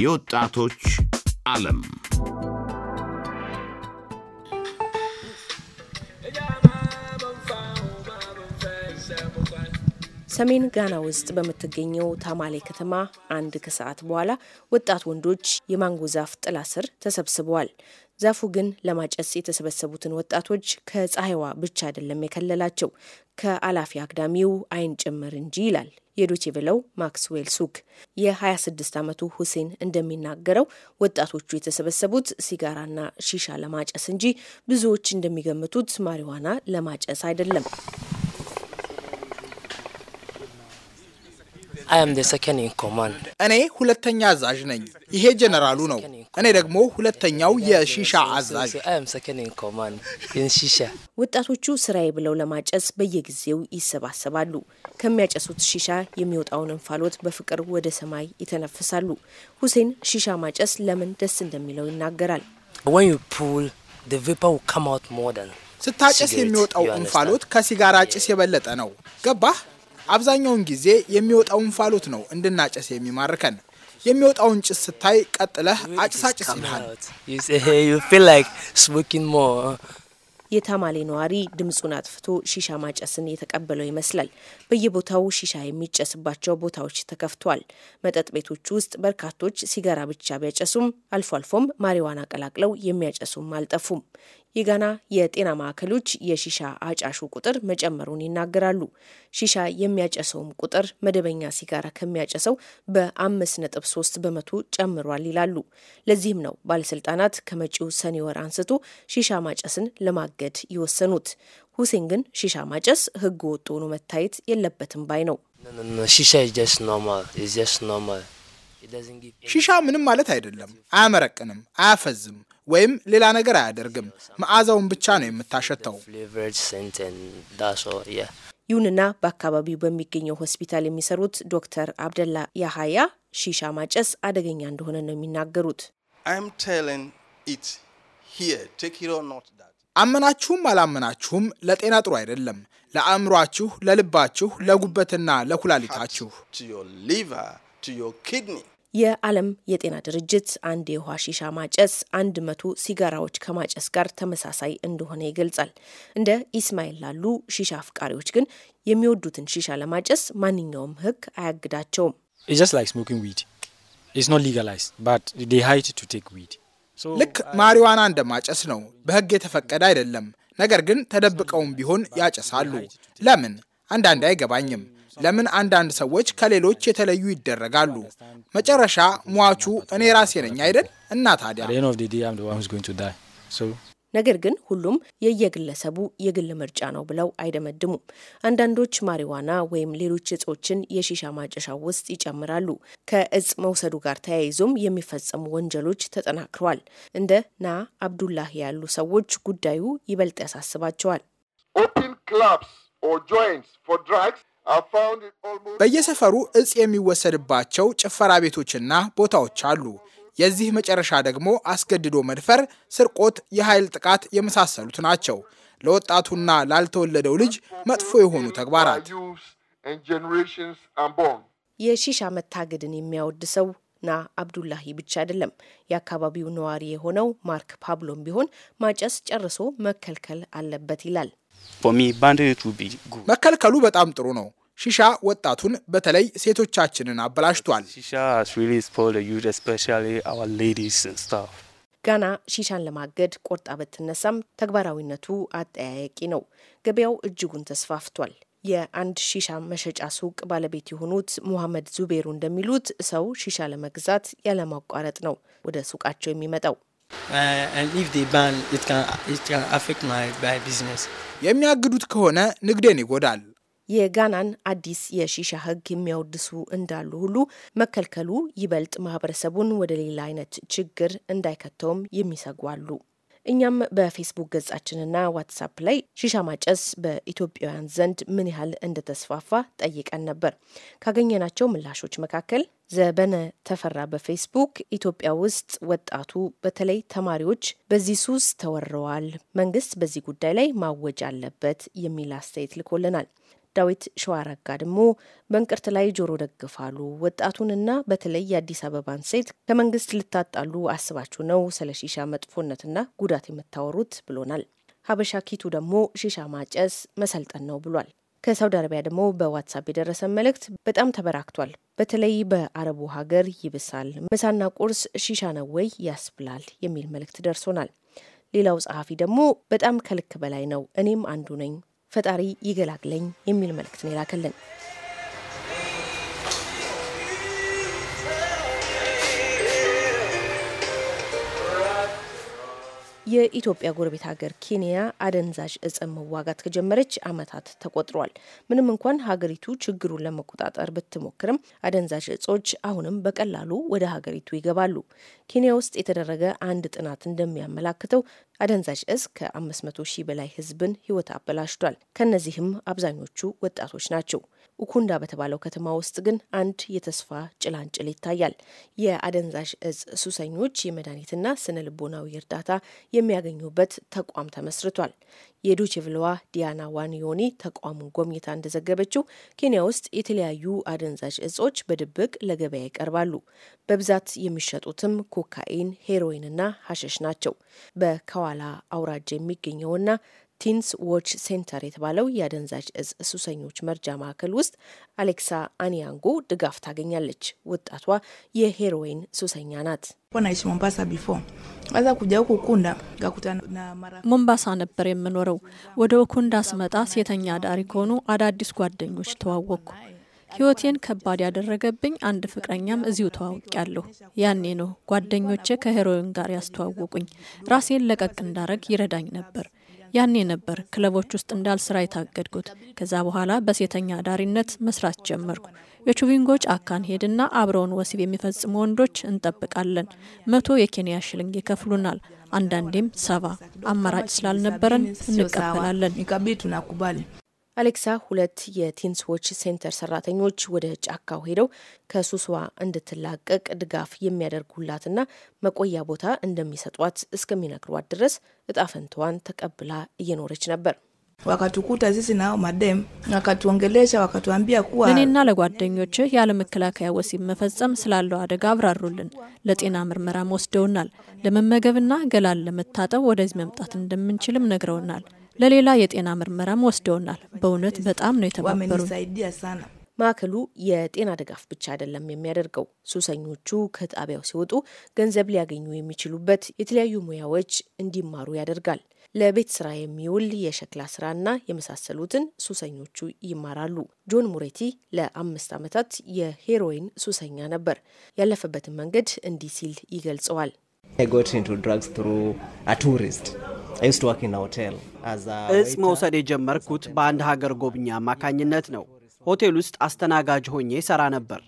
የወጣቶች ዓለም ሰሜን ጋና ውስጥ በምትገኘው ታማሌ ከተማ አንድ ከሰዓት በኋላ ወጣት ወንዶች የማንጎ ዛፍ ጥላ ስር ተሰብስበዋል። ዛፉ ግን ለማጨስ የተሰበሰቡትን ወጣቶች ከፀሐይዋ ብቻ አይደለም የከለላቸው፣ ከአላፊ አግዳሚው አይን ጭምር እንጂ ይላል የዶቼቬለው ማክስዌል ሱክ የ26 ዓመቱ ሁሴን እንደሚናገረው ወጣቶቹ የተሰበሰቡት ሲጋራና ሺሻ ለማጨስ እንጂ ብዙዎች እንደሚገምቱት ማሪዋና ለማጨስ አይደለም። እኔ ሁለተኛ አዛዥ ነኝ። ይሄ ጀነራሉ ነው። እኔ ደግሞ ሁለተኛው የሺሻ አዛዥ። ወጣቶቹ ስራዬ ብለው ለማጨስ በየጊዜው ይሰባሰባሉ። ከሚያጨሱት ሺሻ የሚወጣውን እንፋሎት በፍቅር ወደ ሰማይ ይተነፍሳሉ። ሁሴን ሺሻ ማጨስ ለምን ደስ እንደሚለው ይናገራል። ስታጨስ የሚወጣው እንፋሎት ከሲጋራ ጭስ የበለጠ ነው። ገባህ? አብዛኛውን ጊዜ የሚወጣውን ፋሎት ነው እንድናጨስ የሚማርከን። የሚወጣውን ጭስ ስታይ ቀጥለህ አጭሳጭስ ይልሃል። የታማሌ ነዋሪ ድምፁን አጥፍቶ ሺሻ ማጨስን የተቀበለው ይመስላል። በየቦታው ሺሻ የሚጨስባቸው ቦታዎች ተከፍቷል። መጠጥ ቤቶች ውስጥ በርካቶች ሲጋራ ብቻ ቢያጨሱም አልፎ አልፎም ማሪዋና ቀላቅለው የሚያጨሱም አልጠፉም። የጋና የጤና ማዕከሎች የሺሻ አጫሹ ቁጥር መጨመሩን ይናገራሉ። ሺሻ የሚያጨሰውም ቁጥር መደበኛ ሲጋራ ከሚያጨሰው በአምስት ነጥብ ሶስት በመቶ ጨምሯል ይላሉ። ለዚህም ነው ባለስልጣናት ከመጪው ሰኔ ወር አንስቶ ሺሻ ማጨስን ለማገድ የወሰኑት። ሁሴን ግን ሺሻ ማጨስ ህግ ወጥ ሆኖ መታየት የለበትም ባይ ነው። ሺሻ ምንም ማለት አይደለም፣ አያመረቅንም፣ አያፈዝም፣ ወይም ሌላ ነገር አያደርግም። መዓዛውን ብቻ ነው የምታሸተው። ይሁንና በአካባቢው በሚገኘው ሆስፒታል የሚሰሩት ዶክተር አብደላ ያሀያ ሺሻ ማጨስ አደገኛ እንደሆነ ነው የሚናገሩት። አመናችሁም አላመናችሁም ለጤና ጥሩ አይደለም። ለአእምሯችሁ፣ ለልባችሁ፣ ለጉበትና ለኩላሊታችሁ የዓለም የጤና ድርጅት አንድ የውሃ ሺሻ ማጨስ አንድ መቶ ሲጋራዎች ከማጨስ ጋር ተመሳሳይ እንደሆነ ይገልጻል። እንደ ኢስማኤል ላሉ ሺሻ አፍቃሪዎች ግን የሚወዱትን ሺሻ ለማጨስ ማንኛውም ሕግ አያግዳቸውም። ልክ ማሪዋና እንደማጨስ ነው። በሕግ የተፈቀደ አይደለም። ነገር ግን ተደብቀውም ቢሆን ያጨሳሉ። ለምን? አንዳንዴ አይገባኝም። ለምን አንዳንድ ሰዎች ከሌሎች የተለዩ ይደረጋሉ? መጨረሻ ሟቹ እኔ ራሴ ነኝ አይደል? እና ታዲያ ነገር ግን ሁሉም የየግለሰቡ የግል ምርጫ ነው ብለው አይደመድሙም። አንዳንዶች ማሪዋና ወይም ሌሎች እጾችን የሺሻ ማጨሻ ውስጥ ይጨምራሉ። ከእጽ መውሰዱ ጋር ተያይዞም የሚፈጸሙ ወንጀሎች ተጠናክረዋል። እንደ ና አብዱላህ ያሉ ሰዎች ጉዳዩ ይበልጥ ያሳስባቸዋል። ኦፕን ክላብስ ኦር ጆይንትስ ፎር ድራግስ በየሰፈሩ እጽ የሚወሰድባቸው ጭፈራ ቤቶችና ቦታዎች አሉ። የዚህ መጨረሻ ደግሞ አስገድዶ መድፈር፣ ስርቆት፣ የኃይል ጥቃት የመሳሰሉት ናቸው። ለወጣቱና ላልተወለደው ልጅ መጥፎ የሆኑ ተግባራት። የሺሻ መታገድን የሚያወድ ሰው ና አብዱላሂ ብቻ አይደለም። የአካባቢው ነዋሪ የሆነው ማርክ ፓብሎም ቢሆን ማጨስ ጨርሶ መከልከል አለበት ይላል። መከልከሉ በጣም ጥሩ ነው። ሺሻ ወጣቱን በተለይ ሴቶቻችንን አበላሽቷል። ጋና ሺሻን ለማገድ ቆርጣ ብትነሳም ተግባራዊነቱ አጠያያቂ ነው። ገበያው እጅጉን ተስፋፍቷል። የአንድ ሺሻ መሸጫ ሱቅ ባለቤት የሆኑት ሙሐመድ ዙቤሩ እንደሚሉት ሰው ሺሻ ለመግዛት ያለማቋረጥ ነው ወደ ሱቃቸው የሚመጣው። Uh, የሚያግዱት ከሆነ ንግዴን ይጎዳል። የጋናን አዲስ የሺሻ ሕግ የሚያወድሱ እንዳሉ ሁሉ መከልከሉ ይበልጥ ማህበረሰቡን ወደ ሌላ አይነት ችግር እንዳይከተውም የሚሰጉ አሉ። እኛም በፌስቡክ ገጻችንና ዋትሳፕ ላይ ሺሻ ማጨስ በኢትዮጵያውያን ዘንድ ምን ያህል እንደተስፋፋ ጠይቀን ነበር። ካገኘናቸው ምላሾች መካከል ዘበነ ተፈራ በፌስቡክ ኢትዮጵያ ውስጥ ወጣቱ በተለይ ተማሪዎች በዚህ ሱስ ተወረዋል፣ መንግስት በዚህ ጉዳይ ላይ ማወጅ አለበት የሚል አስተያየት ልኮልናል። ዳዊት ሸዋረጋ ደግሞ በእንቅርት ላይ ጆሮ ደግፋሉ፣ ወጣቱንና በተለይ የአዲስ አበባን ሴት ከመንግስት ልታጣሉ አስባችሁ ነው ስለ ሺሻ መጥፎነትና ጉዳት የምታወሩት ብሎናል። ሀበሻ ኪቱ ደግሞ ሺሻ ማጨስ መሰልጠን ነው ብሏል። ከሳውዲ አረቢያ ደግሞ በዋትሳፕ የደረሰ መልእክት በጣም ተበራክቷል። በተለይ በአረቡ ሀገር ይብሳል፣ ምሳና ቁርስ ሺሻ ነው ወይ ያስብላል የሚል መልእክት ደርሶናል። ሌላው ጸሐፊ ደግሞ በጣም ከልክ በላይ ነው፣ እኔም አንዱ ነኝ፣ ፈጣሪ ይገላግለኝ የሚል መልእክት ነው የላከልን። የኢትዮጵያ ጎረቤት ሀገር ኬንያ አደንዛዥ እጽን መዋጋት ከጀመረች ዓመታት ተቆጥሯል። ምንም እንኳን ሀገሪቱ ችግሩን ለመቆጣጠር ብትሞክርም አደንዛዥ እጾች አሁንም በቀላሉ ወደ ሀገሪቱ ይገባሉ። ኬንያ ውስጥ የተደረገ አንድ ጥናት እንደሚያመላክተው አደንዛዥ እጽ ከ500 ሺህ በላይ ህዝብን ህይወት አበላሽቷል። ከእነዚህም አብዛኞቹ ወጣቶች ናቸው። ኡኩንዳ በተባለው ከተማ ውስጥ ግን አንድ የተስፋ ጭላንጭል ይታያል። የአደንዛዥ እጽ ሱሰኞች የመድኃኒትና ስነ ልቦናዊ እርዳታ የሚያገኙበት ተቋም ተመስርቷል። የዶችቭለዋ ዲያና ዋንዮኒ ተቋሙን ጎብኝታ እንደዘገበችው ኬንያ ውስጥ የተለያዩ አደንዛዥ እጾች በድብቅ ለገበያ ይቀርባሉ። በብዛት የሚሸጡትም ኮካኢን፣ ሄሮይንና ሀሸሽ ናቸው። በከዋላ አውራጃ የሚገኘውና ቲንስ ዎች ሴንተር የተባለው የአደንዛዥ እጽ ሱሰኞች መርጃ ማዕከል ውስጥ አሌክሳ አኒያንጎ ድጋፍ ታገኛለች። ወጣቷ የሄሮይን ሱሰኛ ናት። ሞምባሳ ነበር የምኖረው። ወደ ኦኮንዳ ስመጣ ሴተኛ አዳሪ ከሆኑ አዳዲስ ጓደኞች ተዋወቅኩ። ህይወቴን ከባድ ያደረገብኝ አንድ ፍቅረኛም እዚሁ ተዋውቂያለሁ። ያኔ ነው ጓደኞቼ ከሄሮይን ጋር ያስተዋወቁኝ። ራሴን ለቀቅ እንዳረግ ይረዳኝ ነበር። ያኔ ነበር ክለቦች ውስጥ እንዳልስራ የታገድኩት። ከዛ በኋላ በሴተኛ አዳሪነት መስራት ጀመርኩ። የቹቪንጎች አካን ሄድና አብረውን ወሲብ የሚፈጽሙ ወንዶች እንጠብቃለን። መቶ የኬንያ ሽልንግ ይከፍሉናል፣ አንዳንዴም ሰባ አማራጭ ስላልነበረን እንቀበላለን። አሌክሳ ሁለት የቲንስዎች ሴንተር ሰራተኞች ወደ ጫካው ሄደው ከሱስዋ እንድትላቀቅ ድጋፍ የሚያደርጉላትና መቆያ ቦታ እንደሚሰጧት እስከሚነግሯት ድረስ እጣፈንታዋን ተቀብላ እየኖረች ነበር። እኔና ለጓደኞች ያለ መከላከያ ወሲብ መፈጸም ስላለው አደጋ አብራሩልን። ለጤና ምርመራም ወስደውናል። ለመመገብና ገላን ለመታጠብ ወደዚህ መምጣት እንደምንችልም ነግረውናል። ለሌላ የጤና ምርመራም ወስደውናል። በእውነት በጣም ነው የተባበሩ። ማዕከሉ የጤና ድጋፍ ብቻ አይደለም የሚያደርገው። ሱሰኞቹ ከጣቢያው ሲወጡ ገንዘብ ሊያገኙ የሚችሉበት የተለያዩ ሙያዎች እንዲማሩ ያደርጋል። ለቤት ስራ የሚውል የሸክላ ስራና የመሳሰሉትን ሱሰኞቹ ይማራሉ። ጆን ሙሬቲ ለአምስት ዓመታት የሄሮይን ሱሰኛ ነበር። ያለፈበትን መንገድ እንዲህ ሲል ይገልጸዋል። እጽ መውሰድ የጀመርኩት በአንድ ሀገር ጎብኚ አማካኝነት ነው። ሆቴል ውስጥ አስተናጋጅ ሆኜ ሰራ ነበር።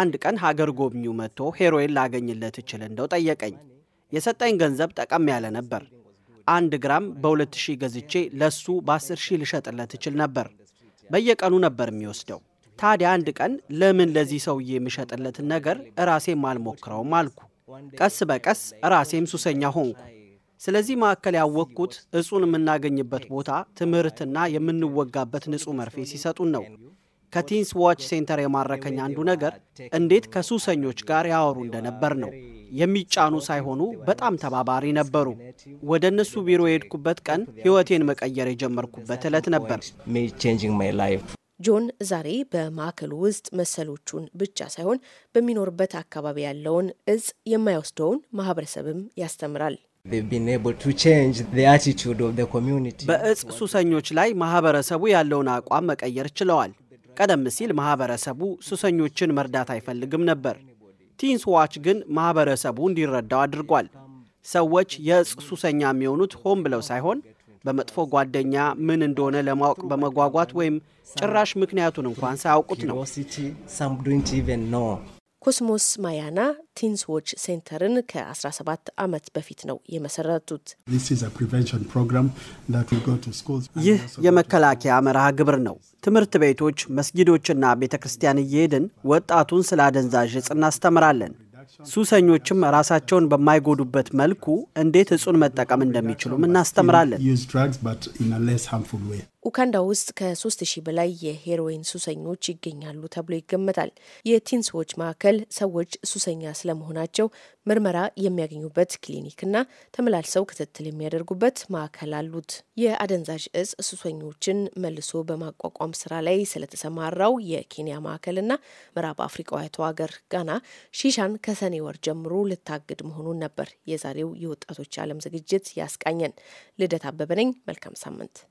አንድ ቀን ሀገር ጎብኚው መጥቶ ሄሮይን ላገኝለት እችል እንደው ጠየቀኝ። የሰጠኝ ገንዘብ ጠቀም ያለ ነበር። አንድ ግራም በ2000 ገዝቼ ለሱ በ10 ሺህ ልሸጥለት እችል ነበር። በየቀኑ ነበር የሚወስደው። ታዲያ አንድ ቀን ለምን ለዚህ ሰውዬ የምሸጥለትን ነገር ራሴም አልሞክረውም አልኩ። ቀስ በቀስ ራሴም ሱሰኛ ሆንኩ። ስለዚህ ማዕከል ያወቅኩት እጹን የምናገኝበት ቦታ ትምህርትና የምንወጋበት ንጹህ መርፌ ሲሰጡን ነው። ከቲንስ ዋች ሴንተር የማረከኝ አንዱ ነገር እንዴት ከሱሰኞች ጋር ያወሩ እንደነበር ነው። የሚጫኑ ሳይሆኑ በጣም ተባባሪ ነበሩ። ወደ እነሱ ቢሮ የሄድኩበት ቀን ሕይወቴን መቀየር የጀመርኩበት ዕለት ነበር። ጆን ዛሬ በማዕከሉ ውስጥ መሰሎቹን ብቻ ሳይሆን በሚኖርበት አካባቢ ያለውን እጽ የማይወስደውን ማህበረሰብም ያስተምራል። በእጽ ሱሰኞች ላይ ማህበረሰቡ ያለውን አቋም መቀየር ችለዋል። ቀደም ሲል ማህበረሰቡ ሱሰኞችን መርዳት አይፈልግም ነበር። ቲንስ ዋች ግን ማህበረሰቡ እንዲረዳው አድርጓል። ሰዎች የእጽ ሱሰኛ የሚሆኑት ሆን ብለው ሳይሆን በመጥፎ ጓደኛ ምን እንደሆነ ለማወቅ በመጓጓት ወይም ጭራሽ ምክንያቱን እንኳን ሳያውቁት ነው። ኮስሞስ ማያና ቲንስ ዎች ሴንተርን ከ17 ዓመት በፊት ነው የመሰረቱት። ይህ የመከላከያ መርሃ ግብር ነው። ትምህርት ቤቶች፣ መስጊዶችና ቤተ ክርስቲያን እየሄድን ወጣቱን ስለ አደንዛዥ እጽ እናስተምራለን። ሱሰኞችም ራሳቸውን በማይጎዱበት መልኩ እንዴት እጹን መጠቀም እንደሚችሉም እናስተምራለን። ኡካንዳ ውስጥ ከሶስት ሺህ በላይ የሄሮይን ሱሰኞች ይገኛሉ ተብሎ ይገመታል። የቲን ሰዎች ማዕከል ሰዎች ሱሰኛ ስለመሆናቸው ምርመራ የሚያገኙበት ክሊኒክና ተመላልሰው ክትትል የሚያደርጉበት ማዕከል አሉት። የአደንዛዥ እጽ ሱሰኞችን መልሶ በማቋቋም ስራ ላይ ስለተሰማራው የኬንያ ማዕከልና ምዕራብ አፍሪቃዊቷ ሀገር ጋና ሺሻን ከሰኔ ወር ጀምሮ ልታግድ መሆኑን ነበር የዛሬው የወጣቶች ዓለም ዝግጅት ያስቃኘን። ልደት አበበ ነኝ። መልካም ሳምንት።